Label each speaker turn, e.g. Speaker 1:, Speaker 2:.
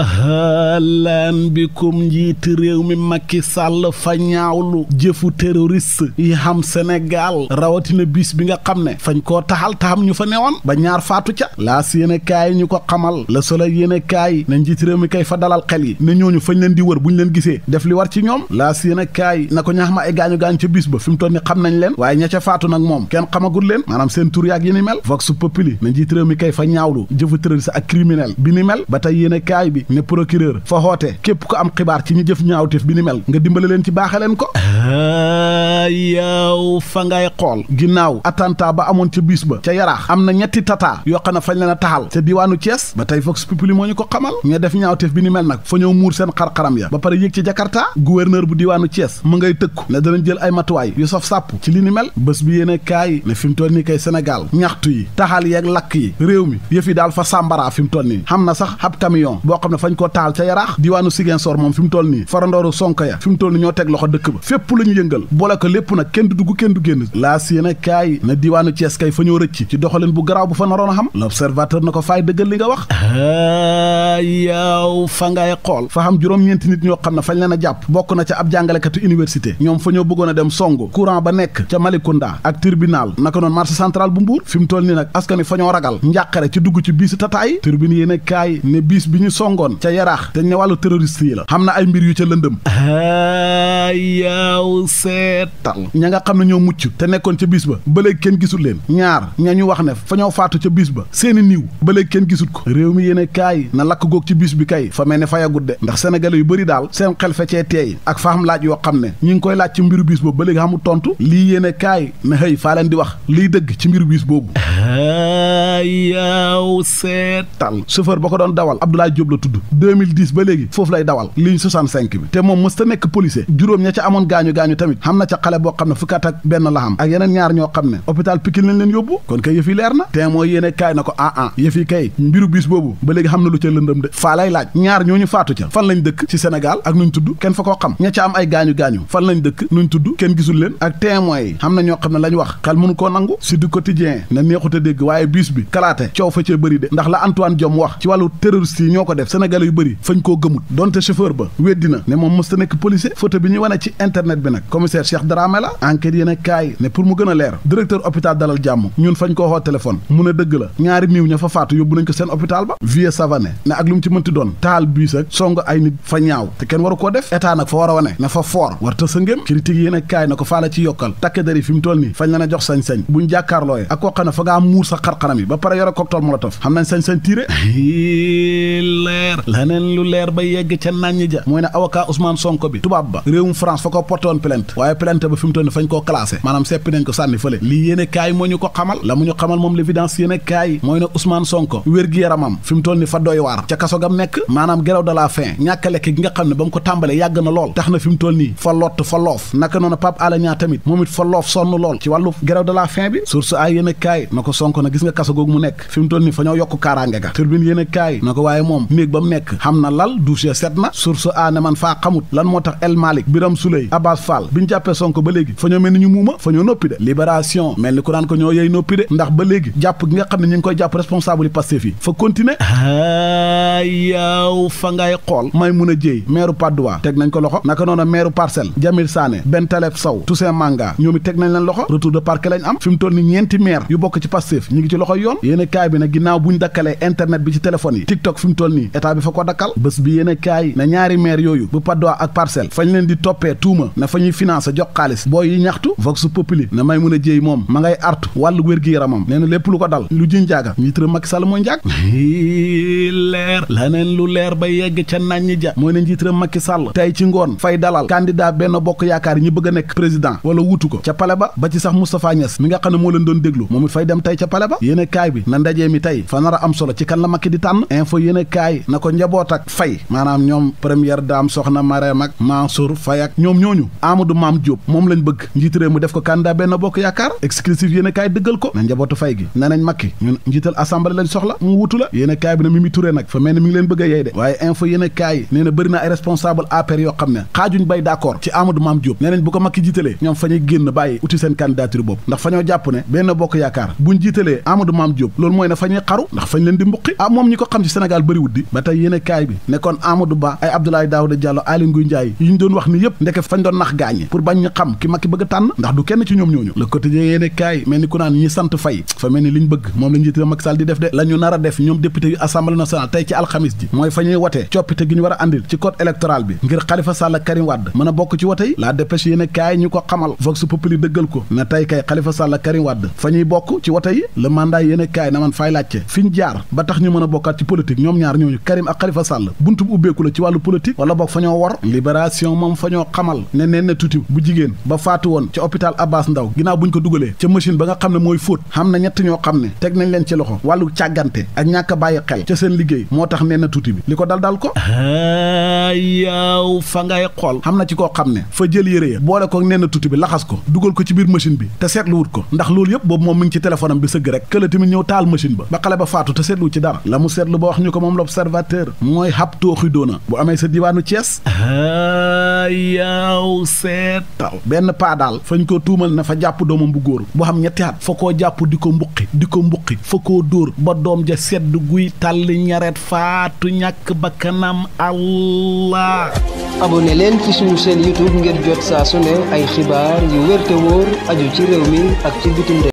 Speaker 1: ahlan bikum njiiti réew mi Macky Sall fa ñaawlu jëfu terroriste yi xam Sénégal rawatina bis bi nga xam ne fañ koo taxal taxam ñu fa newoon ba ñaar faatu ca laas yéene kaay ñu ko xamal Le Soleil yéene kaay na njiiti mi kay fa dalal xel yi ne ñooñu fañ leen di wër buñ leen gisee def li war ci ñoom laas yéene kaay na ko ñax ma ay gaañu gaañ ca bis ba fi mu toll xam nañ leen waaye ña ca faatu nag moom kenn xamagul leen maanaam seen tur yaak yi ni mel Vox Populi na ak ne procureur fa xoote képp ko am xibaar ci ñu jëf ñaawteef bi ni mel nga dimbale leen ci baaxe leen ko ah, yow fa ngay xool ginnaaw attentat ba amoon ca bis ba ca yaraax am na ñetti tataa yoo na fañ leen a taxal ca diwaanu Thiès ba tey Vox Populi moo ñu ko xamal ña def ñaawteef bi ni mel nag fa ñëw muur seen xar-xaram ya ba pare yëg ci Jakarta gouverneur bu diwaanu Thiès mu ngay tëkku ne danañ jël ay matuwaay yu saf sàpp ci li ni mel bés bi yéene kaay fi mu toll nii kay Sénégal ñaxtu yi taxal yeeg lakk yi réew mi yëf yi daal fa sàmbaraa fi mu toll nii xam na sax ab camion boo xam ne fañ ko taal ca yaraax diwaanu Ziguinchor moom fi mu toll nii farandooru Sonko ya fi mu toll nii ñoo teg loxo dëkk ba fépp la ñu yëngal boole ko lépp nag kenn du dugg kenn du génn laas yéen kaay na diwaanu Thiès kay fa ñoo rëcc ci doxalin bu garaaw bu fa naroon a xam l'observateur na ko faay dëggal li nga wax ah, yaaw fa ngay xool fa xam juróom-ñeenti nit ñoo xam ne fañ leen a jàpp bokk na ca ab jàngalekatu université ñoom fa ñoo bëggoon a dem song courant ba nekk ca Malicounda ak tribunal naka noonu marché central bu Mbour mu toll nii nag askan wi fa ñoo ragal njàqare ci dugg ci biis a kaay bi ñu songo woon ca yaraax dañ ne wàllu terroriste yi la xam na ay mbir yu ca lëndëm yaaw seetal ña nga xam ne ñoo mucc te nekkoon ca bis ba ba kenn gisul leen ñaar ña ñu wax ne fa ñoo faatu ca biis ba seeni niiw ba léegi kenn gisul ko réew mi yéen kaay na lakk goog ci bis bi kay fa mel ne fayagut de ndax sénégalais yu bëri daal seen xel fe cee teey ak fa xam laaj yoo xam ne ñi ngi koy laaj ci mbiru biis ba ba léegi xamul tontu lii yéen kaay na xëy faa leen di wax liy dëgg ci mbiru boobu yaaw seetal chauffeur ba ko doon dawal Abdoulaye Diop la tudd 2010 ba léegi foofu lay dawal li ligne 65 bi te moom mës ta nekk policier juróom ña ca amoon gaañu-gaañu tamit xam na ca xale boo xam ne fukkaat ak benn la xam ak yeneen ñaar ñoo xam ne hôpital Pikine lañ leen yóbbu kon kay yëf leer na te mooy yéene kaay na ko ah ah yëf kay mbiru bis boobu ba léegi xam na lu ca lëndëm de faa lay laaj ñaar ñooñu faatu ca fan lañ dëkk ci Sénégal ak nuñ tudd kenn fa koo xam ña ca am gaañu-gaañu fan lañ dëkk nuñ tudd kenn gisul leen ak témoin na ñoo xam ne lañ wax xel mënu koo nangu Sud Quotidien mënta waaye bis bi kalaate coow fa cee bëri de ndax la Antoine Diome wax ci wàllu terroriste yi ñoo ko def sénégalais bëri fañ koo gëmut donte chauffeur ba weddi ne moom mësta nekk policier photo bi ñu wane ci internet bi nag commissaire Cheikh Dramé la enquête yéen ne pour mu gën a leer directeur hôpital dalal jàmm ñun fañ ko xoo téléphone mu ne dëgg la ñaari niiw ña fa faatu yóbbu nañ ko seen hôpital ba vie savané ne ak lu ci mënti doon taal biis ak song dangaa muur sa xar-xaram yi ba pare yore cocktail molotov xam nañ sañ-sañ tiire leer laneen lu leer ba yegg ca naññ ja mooy ne avocat Ousmane Sonko bi tubaab ba réewum France fa ko porté woon plainte waaye plainte ba fi mu toll ni fañ koo classé maanaam seppi nañ ko sànni fële lii yéene kaay moo ñu ko xamal la mu ñu xamal moom l'évidence yéene kaay mooy ne Ousmane Sonko wér-gi-yaramam fi mu ni fa doy waar ca kaso gam nekk maanaam grève de la faim a lekk gi nga xam ne ko Sonko na gis nga kaso googu mu nekk fi mu toll fa ñoo yokk kaaraange ga turbine yéen kaay na ko waaye moom néeg ba mu nekk xam na lal douche set na source a man faa xamut lan moo tax El Malick Biram Souley Abbas Fall bi ñu jàppee Sonko ba léegi fa ñoo mel ni ñu muuma fa ñoo noppi de libération mel ni ku naan ko ñoo yey noppi de ndax ba léegi jàpp gi nga xam ne ñu ngi koy jàpp responsable yi yi fa continuer yaaw fa ngay xool may mun a jéey ko loxo naka noonu maire Parcelles Jamil Sané Ben Taleb Sow Toussaint Manga ñoom it Pastef ñu ngi ci loxoy yoon yéen kaay bi ne ginnaaw bu ñu dakkalee internet bi ci téléphone yi TikTok fi toll nii état bi fa ko dakkal bés bi yéen kaay ne ñaari maire yooyu bu Padoa ak Parcelles fañ leen di toppee tuuma na fa ñuy financé jox xaalis booy yi ñaxtu vox populi ne may mun a jéey moom ma ngay artu wàllu wér-gi-yaramam nee na lépp lu ko dal lu ji njaaga ñuy tëra Macky Sall mooy njaag leer laneen lu leer ba yegg ca naññi ja mooy ne njiitëram Macky Sall tey ci ngoon ñu a nekk moo leen doon déglu tey ca pale ba yéene kaay bi na ndaje mi tey fa nar a am solo ci kan la Macky di tànn info yéene kaay na ko njaboot ak fay maanaam ñoom sox dame soxna mag ak Mansour Faye ak ñoom ñooñu Amadou Mame Diop moom lañ bëgg njiitu réew mu def ko candidat benn bokk yaakaar exclusif yéene kaay dëggal ko na njabootu fay gi ne nañ Macky ñun njiital assemblée lañ soxla mu wutu la yéene kaay bi na Mimi Touré nag fa mel ni mi ngi leen bëgg a yey de waaye info yéene kaay xam ne xaajuñ bay d'accord ci Amadou Mame bu ko Macky jiitalee ñoom fa ñuy génn bàyyi uti seen candidature boobu ndax fa ñoo jàpp ne benn bokk yaakaar buñ jiitalee Amadou Mame Diop loolu mooy ne fañuy xaru ndax fañ leen di mbuqi am ah moom ñi ko xam ci Sénégal bëriwut di ba tey yéene kaay bi ne kon Amadou Ba ay Abdoulaye Daouda Diallo Aly Ngouille Ndiaye yi ñu doon wax ni yëpp ndeke fañ doon nax gaañe pour bañ ñu xam ki makki bëgg tànn ndax du kenn ci ñoom ñooñu le quotidien yéene kaay mel ni ku naan ñi sant fay fa mel ni liñ bëgg moom lañ jiitale Macky Sall di def de la nar a def ñoom député yu assemblée a andil ci tey le mandat yéen a kaay na man fay laajte fi ñu jaar ba tax ñu mën a bokkaat ci politique ñoom ñaar ñooñu Karim ak Khalifa Sall buntu bu ubbeeku la ci wàllu politique wala boog fa ñoo war libération moom fa ñoo xamal ne neen tuuti bu jigéen ba faatu woon ca hôpital Abbas Ndaw ginnaaw bu ñu ko dugalee ca machine ba nga xam ne mooy fóot xam na ñett ñoo xam ne teg nañ leen ci loxo wàllu càggante ak ñàkk a bàyyi xel ca seen liggéey moo tax neen na tuuti bi li ko dal dal ko fa ngay xool xam na ci koo xam ne fa jël yére ya boole ko neen na bi laxas ko dugal ko ci biir machine bi kanam di rek kële tamit ñëw taal machine ba ba xale ba faatu te seetlu ci dara la mu seetlu ba wax ñu ko moom l'observateur mooy xab tooxi bu amee sa diwaanu Thiès ah, yaaw seetal benn paa daal fañ ko tuumal na fa jàpp doomam bu góor bu xam ñetti at fa koo jàpp di ko mbuqi di ko mbuqi fa koo dóor ba doom ja sedd guy tàlli ñaret faatu ñàkk bakkanam allah abonné leen ci suñu chaîne youtube ngir jot saa su ne ay xibaar yu wér wóor aju ci réew mi ak ci bitim réew